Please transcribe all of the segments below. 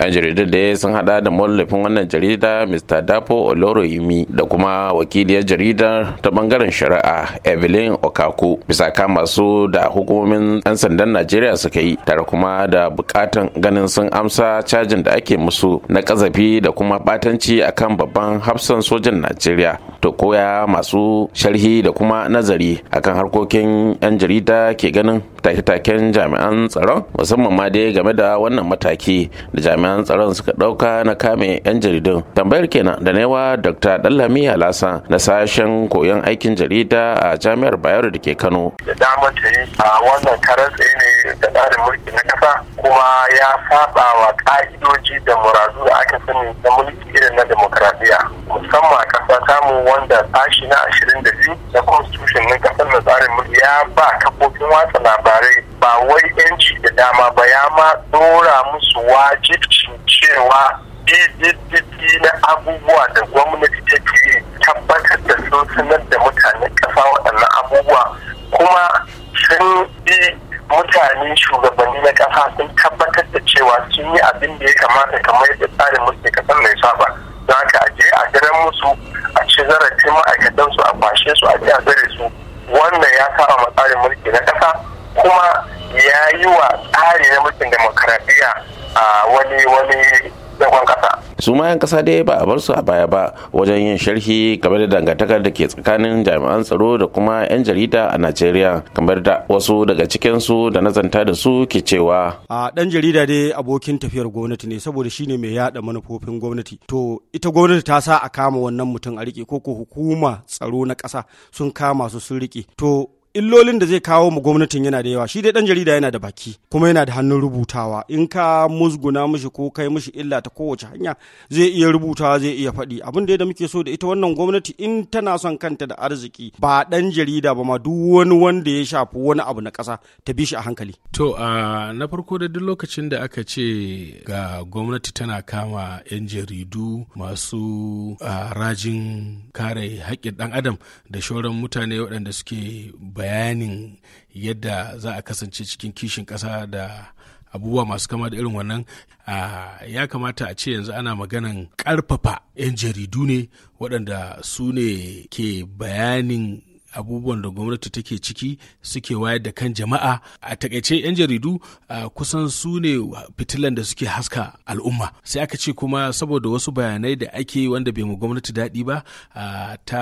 'yan jaridar da sun hada da mallafin wannan jarida mr dapo oloroyimi da kuma wakiliyar jaridar ta bangaren shari'a evelyn okaku bisa kama masu da hukumomin 'yan sandan najeriya suka yi tare kuma da bukatan ganin sun amsa cajin da ake musu na kazafi da kuma batanci akan babban hafsan sojan najeriya to koya masu sharhi da kuma nazari akan harkokin 'yan jarida ke ganin take-taken jami'an tsaron musamman ma dai game da wannan mataki da jami'an tsaron suka dauka na kame 'yan jaridun tambayar kenan da newa dr dallami alasa na sashen koyon aikin jarida a jami'ar bayero da ke kano da kasa kuma ya saba wa ka'idoji da murazu da aka sani na mulki irin na demokradiyya musamman a samu wanda sashi na ashirin da biyu na constitution na kasar na tsarin mulki ya ba kafofin watsa labarai ba wai yanci da dama ba ya ma dora musu wajibcin cewa diddiddi na abubuwa da gwamnati take yi tabbatar da sun sanar da mutanen ƙasa waɗannan abubuwa kuma sun bi mutane shugabanni na ƙasa sun tabbatar da cewa sun yi abin da ya kamata kamar yadda tsarin mulki kasar mai saba za ka a gidan musu a ci zarafin ma'aikatan su a kwashe su a ji a su wannan ya saba ma tsarin mulki na ƙasa kuma ya yi wa tsari na mulkin demokaradiyya a wani wani zagon ƙasa su ma 'yan kasa dai ba a bar su a baya ba wajen yin sharhi game da dangantakar da ke tsakanin jami'an tsaro da kuma 'yan jarida a najeriya kamar da wasu daga cikinsu da nazanta da su ke cewa a dan jarida dai abokin tafiyar gwamnati ne saboda shine mai yada manufofin gwamnati to ita gwamnati ta sa a kama wannan mutum a rike ko ko hukuma tsaro na kasa sun kama su sun rike to illolin da zai kawo mu gwamnatin yana da yawa shi dai dan jarida yana da baki kuma yana da hannun rubutawa in ka musguna mishi ko kai mishi illa ta kowace hanya zai iya rubutawa zai iya faɗi abin da muke so da ita wannan gwamnati in tana son kanta da arziki ba dan jarida ba ma duk wani wanda ya shafi wani abu na ƙasa ta bi shi a hankali to a na farko da duk lokacin da aka ce ga gwamnati tana kama 'yan jaridu masu rajin kare haƙƙin ɗan adam da shoran mutane waɗanda suke bayanin yadda za a kasance cikin kishin ƙasa da abubuwa masu kama da irin wannan ya kamata a ce yanzu ana maganan ƙarfafa 'yan jaridu ne waɗanda su ne ke bayanin abubuwan da gwamnati take ciki suke wayar da kan jama'a a takaice 'yan jaridu kusan su ne fitilan da suke haska al'umma sai aka ce kuma saboda wasu bayanai da ake wanda bai mu gwamnati daɗi ba ta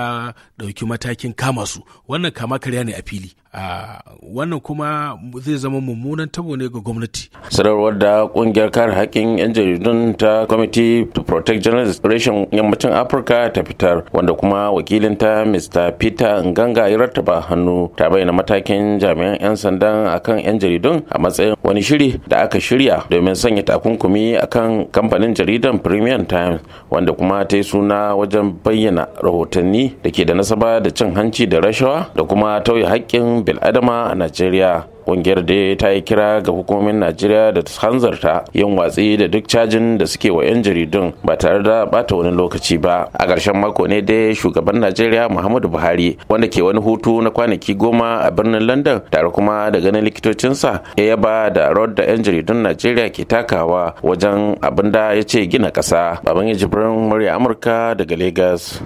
ɗauki matakin kama su wannan kama karya ne a fili Ah, wannan kuma zai zama mummunan tabo ne ga gwamnati sadarwar da kungiyar kare haƙƙin 'yan jaridun ta committee to protect journalists reshen yammacin afirka ta fitar wanda kuma wakilinta mr peter nganga ya rattaba hannu ta bayyana matakin jami'an 'yan sandan akan 'yan jaridun a matsayin wani shiri da aka shirya domin sanya takunkumi akan kamfanin jaridan premium times wanda kuma ta yi suna wajen bayyana rahotanni da ke da nasaba da cin hanci da rashawa da kuma tauye haƙƙin bil'adama a najeriya ƙungiyar da ta yi kira ga hukumomin najeriya da ta hanzarta yin watsi da duk cajin da suke wa 'yan jaridun ba tare da bata wani lokaci ba a ƙarshen mako ne dai shugaban najeriya muhammadu buhari wanda ke wani hutu na kwanaki goma a birnin london tare kuma da ganin likitocinsa ya yaba da rod da 'yan jaridun najeriya ke takawa wajen abin da ya ce gina ƙasa baban ya jibrin murya amurka daga Legas.